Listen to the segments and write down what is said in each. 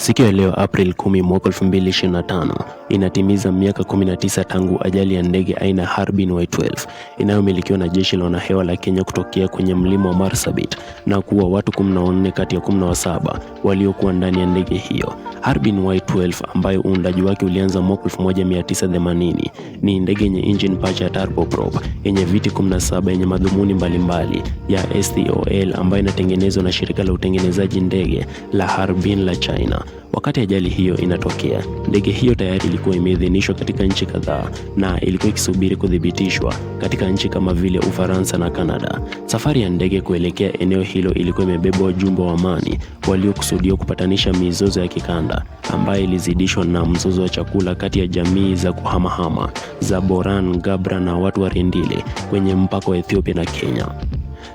Siku ya leo April 10 mwaka 2025 inatimiza miaka 19 tangu ajali ya ndege aina Harbin Y12 inayomilikiwa na jeshi la wanahewa la Kenya kutokea kwenye mlima wa Marsabit na kuwa watu 14 kati ya 17 waliokuwa ndani ya ndege hiyo. Harbin Y12 ambayo uundaji wake ulianza mwaka 1980 ni ndege yenye engine pacha ya turboprop yenye viti 17 yenye madhumuni mbalimbali ya STOL ambayo inatengenezwa na shirika la utengenezaji ndege la Harbin la China. Wakati ajali hiyo inatokea, ndege hiyo tayari ilikuwa imeidhinishwa katika nchi kadhaa na ilikuwa ikisubiri kuthibitishwa katika nchi kama vile Ufaransa na Kanada. Safari ya ndege kuelekea eneo hilo ilikuwa imebeba wajumbe wa amani waliokusudiwa kupatanisha mizozo ya kikanda ambayo ilizidishwa na mzozo wa chakula kati ya jamii za kuhamahama za Boran Gabra na watu wa Rendile kwenye mpaka wa Ethiopia na Kenya.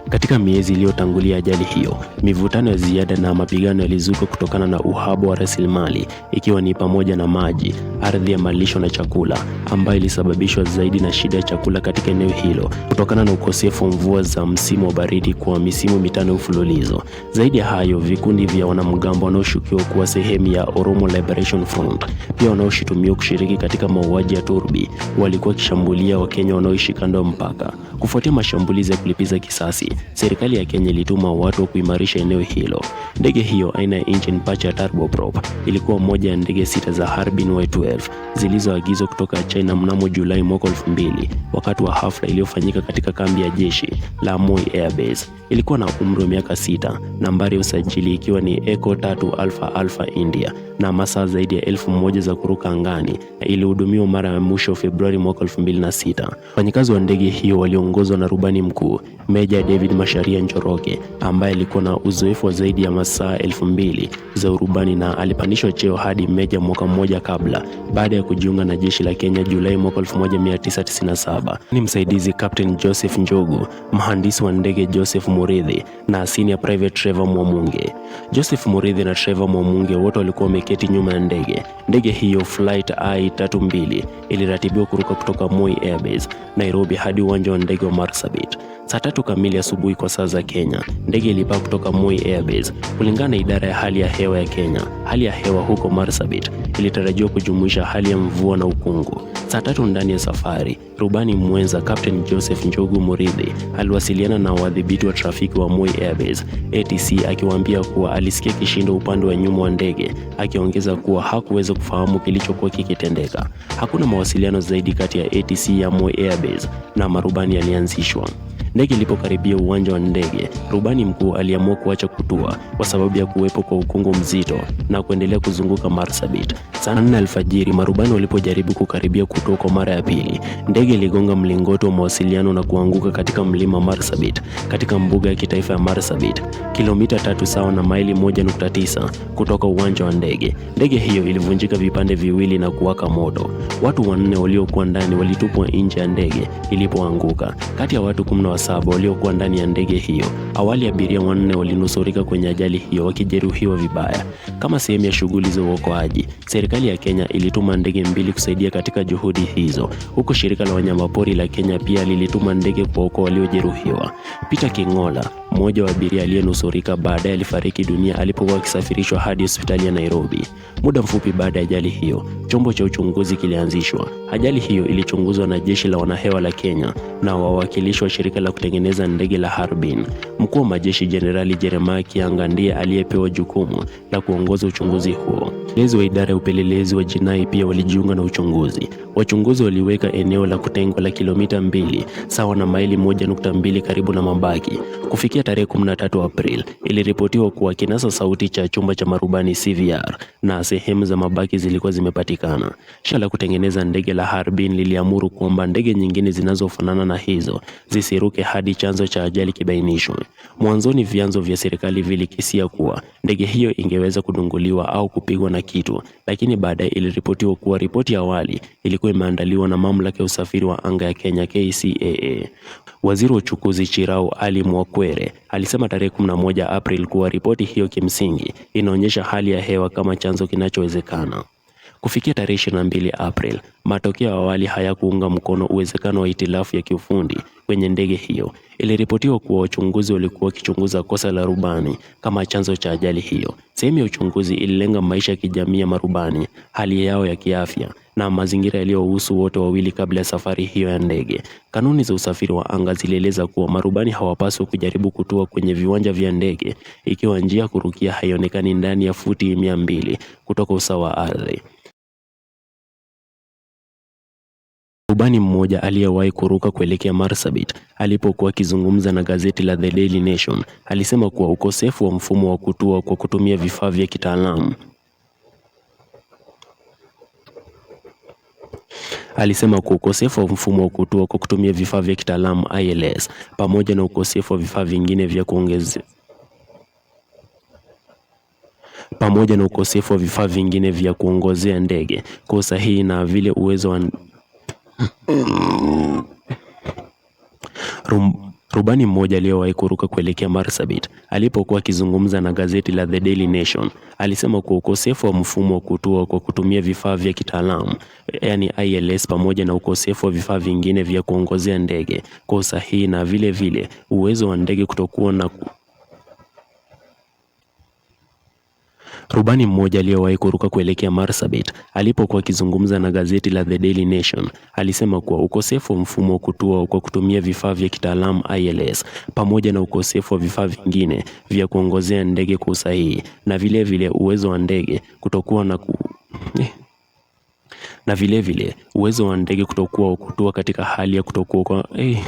Katika miezi iliyotangulia ajali hiyo, mivutano ya ziada na mapigano yalizuka kutokana na uhaba wa rasilimali, ikiwa ni pamoja na maji, ardhi ya malisho na chakula, ambayo ilisababishwa zaidi na shida ya chakula katika eneo hilo kutokana na ukosefu wa mvua za msimu wa baridi kwa misimu mitano mfululizo. Zaidi ya hayo, vikundi vya wanamgambo wanaoshukiwa kuwa sehemu ya Oromo Liberation Front, pia wanaoshutumiwa kushiriki katika mauaji ya Turbi, walikuwa wakishambulia Wakenya wanaoishi kando ya mpaka. Kufuatia mashambulizi ya kulipiza kisasi serikali ya Kenya ilituma watu kuimarisha eneo hilo. Ndege hiyo aina ya engine pacha turboprop ilikuwa moja ya ndege sita za Harbin Y12 zilizoagizwa kutoka China mnamo Julai mwaka 2000 wakati wa hafla iliyofanyika katika kambi ya jeshi la Moi Air Base. Ilikuwa na umri wa miaka sita, nambari ya usajili ikiwa ni Echo 3 Alpha Alpha India na masaa zaidi ya elfu moja za kuruka angani. Ilihudumiwa mara ya mwisho Februari mwaka 2006. Wafanyakazi wa ndege hiyo waliongozwa na rubani mkuu Meja David David Masharia Njoroge ambaye alikuwa na uzoefu wa zaidi ya masaa elfu mbili za urubani na alipandishwa cheo hadi meja mwaka mmoja kabla baada ya kujiunga na jeshi la Kenya Julai mwaka 1997. Ni msaidizi Captain Joseph Njogu, mhandisi wa ndege Joseph muridhi na senior private Trevor Mwamunge. Joseph muridhi na Trevor Mwamunge wote walikuwa wameketi nyuma ya ndege. Ndege hiyo flight I32 iliratibiwa kuruka kutoka Moi Airbase Nairobi hadi uwanja wa ndege wa Marsabit. Saa tatu kamili asubuhi kwa saa za Kenya, ndege ilipaa kutoka Moi Airbase. Kulingana na idara ya hali ya hewa ya Kenya, hali ya hewa huko Marsabit ilitarajiwa kujumuisha hali ya mvua na ukungu. Saa tatu ndani ya safari, rubani mwenza Captain Joseph Njogu Muridhi aliwasiliana na wadhibiti wa trafiki wa Moi Airbase ATC akiwaambia kuwa alisikia kishindo upande wa nyuma wa ndege, akiongeza kuwa hakuweza kufahamu kilichokuwa kikitendeka. Hakuna mawasiliano zaidi kati ya ATC ya Moi Airbase na marubani yalianzishwa. Ndege ilipokaribia uwanja wa ndege, rubani mkuu aliamua kuacha kutua kwa sababu ya kuwepo kwa ukungu mzito na kuendelea kuzunguka Marsabit. Saa nne alfajiri, marubani walipojaribu kukaribia kutua kwa mara ya pili, ndege iligonga mlingoti wa mawasiliano na kuanguka katika mlima Marsabit katika mbuga ya kitaifa ya Marsabit, kilomita tatu sawa na maili 1.9 kutoka uwanja wa ndege. Ndege hiyo ilivunjika vipande viwili na kuwaka moto. Watu wanne waliokuwa ndani walitupwa nje ya ndege ilipoanguka. Kati ya watu kumi na saba waliokuwa ndani ya ndege hiyo. Awali abiria wanne walinusurika kwenye ajali hiyo wakijeruhiwa vibaya. Kama sehemu ya shughuli za uokoaji, serikali ya Kenya ilituma ndege mbili kusaidia katika juhudi hizo, huku shirika la wanyamapori la Kenya pia lilituma ndege kuwaokoa waliojeruhiwa. Peter King'ola mmoja wa abiria aliyenusurika baadaye alifariki dunia alipokuwa akisafirishwa hadi hospitali ya Nairobi. Muda mfupi baada ya ajali hiyo, chombo cha uchunguzi kilianzishwa. Ajali hiyo ilichunguzwa na Jeshi la Wanahewa la Kenya na wawakilishi wa shirika la kutengeneza ndege la Harbin. Mkuu wa majeshi Jenerali Jeremiah Kianga ndiye aliyepewa jukumu la kuongoza uchunguzi huo. Lezi wa idara ya upelelezi wa jinai pia walijiunga na uchunguzi. Wachunguzi waliweka eneo la kutengwa la kilomita mbili sawa na maili moja nukta mbili karibu na mabaki kufikia tarehe 13 April iliripotiwa kuwa kinasa sauti cha chumba cha marubani CVR na sehemu za mabaki zilikuwa zimepatikana. Shirika la kutengeneza ndege la Harbin liliamuru kwamba ndege nyingine zinazofanana na hizo zisiruke hadi chanzo cha ajali kibainishwe. Mwanzoni, vyanzo vya serikali vilikisia kuwa ndege hiyo ingeweza kudunguliwa au kupigwa na kitu, lakini baadaye iliripotiwa kuwa ripoti ya awali ilikuwa imeandaliwa na mamlaka ya usafiri wa anga ya Kenya KCAA. Waziri wa uchukuzi Chirau Ali Mwakwere alisema tarehe 11 April kuwa ripoti hiyo kimsingi inaonyesha hali ya hewa kama chanzo kinachowezekana. Kufikia tarehe 22 April, matokeo awali hayakuunga mkono uwezekano wa hitilafu ya kiufundi kwenye ndege hiyo. Iliripotiwa kuwa wachunguzi walikuwa wakichunguza kosa la rubani kama chanzo cha ajali hiyo. Sehemu ya uchunguzi ililenga maisha ya kijamii ya marubani, hali yao ya kiafya na mazingira yaliyohusu wote wawili kabla ya safari hiyo ya ndege. Kanuni za usafiri wa anga zilieleza kuwa marubani hawapaswi kujaribu kutua kwenye viwanja vya ndege ikiwa njia kurukia haionekani ndani ya futi mia mbili kutoka usawa wa ardhi. Rubani mmoja aliyewahi kuruka kuelekea Marsabit alipokuwa akizungumza na gazeti la The Daily Nation alisema kuwa ukosefu wa mfumo wa kutua kwa kutumia vifaa vya kitaalamu Alisema kuwa ukosefu wa mfumo wa kutua kwa kutumia vifaa vya kitaalamu ILS pamoja na ukosefu wa vifaa vingine vya kuongeza pamoja na ukosefu wa vifaa vingine vya kuongozea ndege kwa usahihi na vile uwezo wa hmm. Rubani mmoja aliyewahi kuruka kuelekea Marsabit alipokuwa akizungumza na gazeti la The Daily Nation alisema kuwa ukosefu wa mfumo wa kutua kwa kutumia vifaa vya kitaalamu yani ILS, pamoja na ukosefu wa vifaa vingine vya kuongozea ndege kwa usahihi na vile vile uwezo wa ndege kutokuwa na Rubani mmoja aliyewahi kuruka kuelekea Marsabit alipokuwa akizungumza na gazeti la The Daily Nation alisema kuwa ukosefu wa mfumo wa kutua kwa kutumia vifaa vya kitaalamu ILS pamoja na ukosefu wa vifaa vingine vya kuongozea ndege kwa usahihi na vile vile uwezo wa ndege kutokuwa na ku eh, na vile vile uwezo wa ndege kutokuwa kutua katika hali ya kutokuwa kwa eh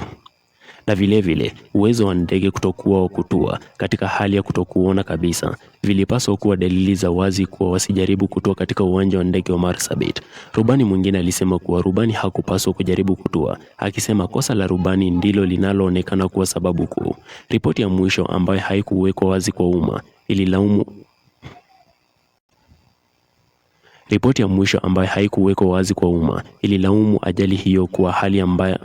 na vilevile vile, uwezo wa ndege kutokuwa wa kutua katika hali ya kutokuona kabisa vilipaswa kuwa dalili za wazi kuwa wasijaribu kutua katika uwanja wa ndege wa Marsabit. Rubani mwingine alisema kuwa rubani hakupaswa kujaribu kutua, akisema kosa la rubani ndilo linaloonekana kuwa sababu kuu. Ripoti ya mwisho ambayo haikuwekwa wazi kwa umma ililaumu Ripoti ya mwisho ambayo haikuwekwa wazi kwa umma ililaumu ajali hiyo kuwa hali ambayo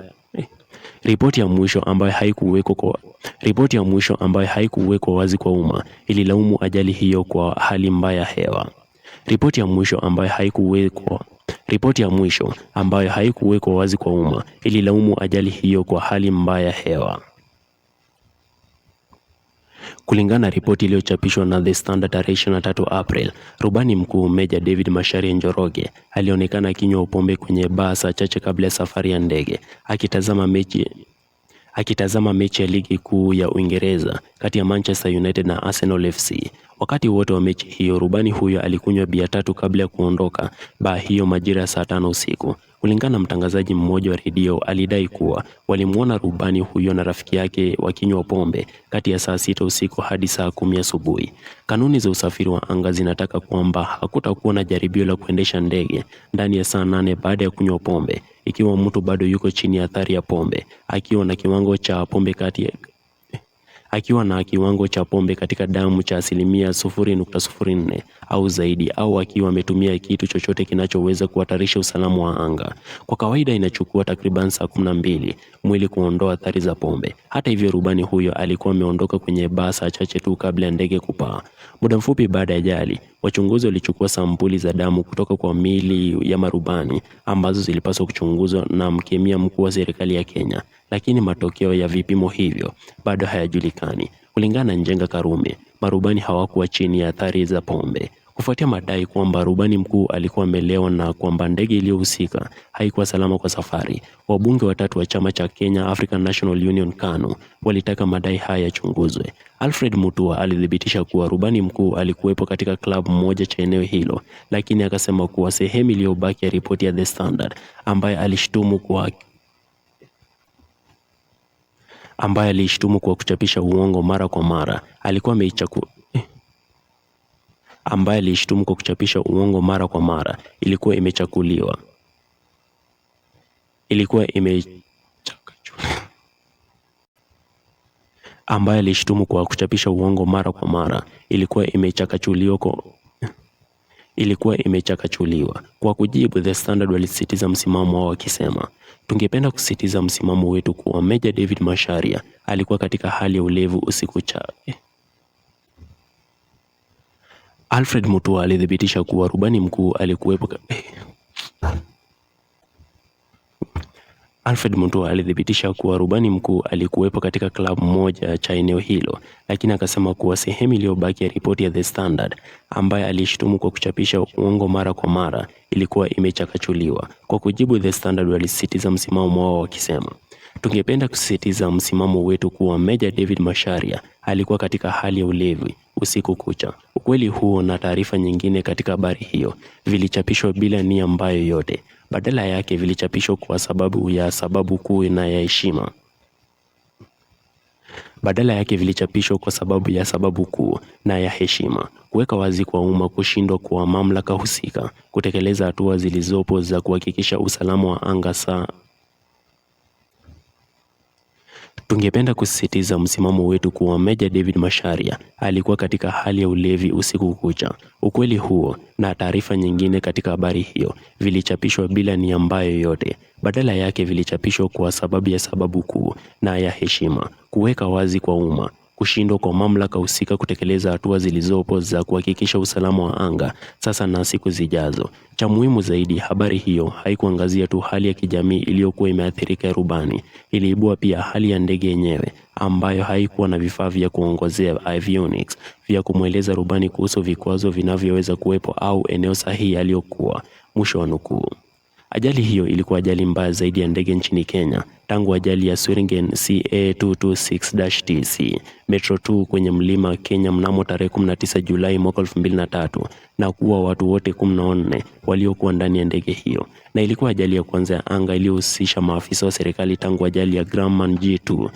Ripoti ya mwisho ambayo haikuwekwa kwa ripoti ya mwisho ambayo haikuwekwa wazi kwa umma ililaumu ajali hiyo kwa hali mbaya ya hewa. Ripoti ya mwisho ambayo haikuwekwa ripoti ya mwisho ambayo haikuwekwa wazi kwa umma ililaumu ajali hiyo kwa hali mbaya ya hewa. Kulingana na ripoti iliyochapishwa na The Standard tarehe 23 April, rubani mkuu Meja David Macharia Njoroge alionekana akinywa upombe kwenye baa saa chache kabla ya safari ya ndege akitazama mechi akitazama mechi ya ligi kuu ya Uingereza kati ya Manchester United na Arsenal FC. Wakati wote wa mechi hiyo, rubani huyo alikunywa bia tatu kabla ya kuondoka baa hiyo majira ya saa tano usiku. Kulingana na mtangazaji mmoja wa redio, alidai kuwa walimwona rubani huyo na rafiki yake wakinywa pombe kati ya saa sita usiku hadi saa kumi asubuhi. Kanuni za usafiri wa anga zinataka kwamba hakutakuwa na jaribio la kuendesha ndege ndani ya saa nane baada ya kunywa pombe, ikiwa mtu bado yuko chini ya athari ya pombe, akiwa na kiwango cha pombe kati ya akiwa na kiwango cha pombe katika damu cha asilimia 0.04 au zaidi au akiwa ametumia kitu chochote kinachoweza kuhatarisha usalama wa anga. Kwa kawaida inachukua takriban saa 12 mwili kuondoa athari za pombe. Hata hivyo, rubani huyo alikuwa ameondoka kwenye baa saa chache tu kabla ya ndege kupaa. Muda mfupi baada ya ajali, wachunguzi walichukua sampuli za damu kutoka kwa miili ya marubani ambazo zilipaswa kuchunguzwa na mkemia mkuu wa serikali ya Kenya lakini matokeo ya vipimo hivyo bado hayajulikani. Kulingana na Njenga Karume, marubani hawakuwa chini ya athari za pombe kufuatia madai kwamba rubani mkuu alikuwa amelewa na kwamba ndege iliyohusika haikuwa salama kwa safari. Wabunge watatu wa chama cha Kenya African National Union KANU walitaka madai haya yachunguzwe. Alfred Mutua alithibitisha kuwa rubani mkuu alikuwepo katika klabu moja cha eneo hilo, lakini akasema kuwa sehemu iliyobaki ya ripoti ya The Standard ambaye alishtumu kwa ambaye aliishtumu kwa kuchapisha uongo mara kwa mara. Alikuwa ameichukua eh, ambaye aliishtumu kwa kuchapisha uongo mara kwa mara. Ilikuwa imechakuliwa. Ilikuwa ime Ambaye alishtumu kwa kuchapisha uongo mara kwa mara. Ilikuwa imechakachuliwa kwa ilikuwa imechakachuliwa. Kwa kujibu, The Standard walisisitiza msimamo wao wakisema Tungependa kusisitiza msimamo wetu kuwa Meja David Macharia alikuwa katika hali ya ulevu usiku chake. Alfred Mutua alithibitisha kuwa rubani mkuu alikuwepo. Alfred Mutua alithibitisha kuwa rubani mkuu alikuwepo katika klabu moja cha eneo hilo, lakini akasema kuwa sehemu iliyobaki ya ripoti ya The Standard ambaye alishutumu kwa kuchapisha uongo mara kwa mara ilikuwa imechakachuliwa. Kwa kujibu, The Standard walisisitiza msimamo wao wakisema, tungependa kusisitiza msimamo wetu kuwa Meja David masharia alikuwa katika hali ya ulevi usiku kucha. Ukweli huo na taarifa nyingine katika habari hiyo vilichapishwa bila nia mbaya yoyote, badala yake vilichapishwa kwa sababu ya sababu kuu na ya heshima. Badala yake vilichapishwa kwa sababu ya sababu kuu na ya heshima: kuweka wazi kwa umma kushindwa kwa mamlaka husika kutekeleza hatua zilizopo za kuhakikisha usalama wa anga saa Tungependa kusisitiza msimamo wetu kuwa Meja David masharia alikuwa katika hali ya ulevi usiku kucha. Ukweli huo na taarifa nyingine katika habari hiyo vilichapishwa bila nia mbaya yoyote. Badala yake vilichapishwa kwa sababu ya sababu kuu na ya heshima, kuweka wazi kwa umma kushindwa kwa mamlaka husika kutekeleza hatua zilizopo za kuhakikisha usalama wa anga sasa na siku zijazo. Cha muhimu zaidi, habari hiyo haikuangazia tu hali ya kijamii iliyokuwa imeathirika rubani, iliibua pia hali ya ndege yenyewe ambayo haikuwa na vifaa vya kuongozea avionics vya kumweleza rubani kuhusu vikwazo vinavyoweza kuwepo au eneo sahihi aliyokuwa. Mwisho wa nukuu. Ajali hiyo ilikuwa ajali mbaya zaidi ya ndege nchini Kenya tangu ajali ya Sweringen CA226-TC Metro 2 kwenye mlima Kenya mnamo tarehe 19 Julai mwaka 2003 na kuwa watu wote 14 waliokuwa ndani ya ndege hiyo, na ilikuwa ajali ya kwanza ya anga iliyohusisha maafisa wa serikali tangu ajali ya Grumman G2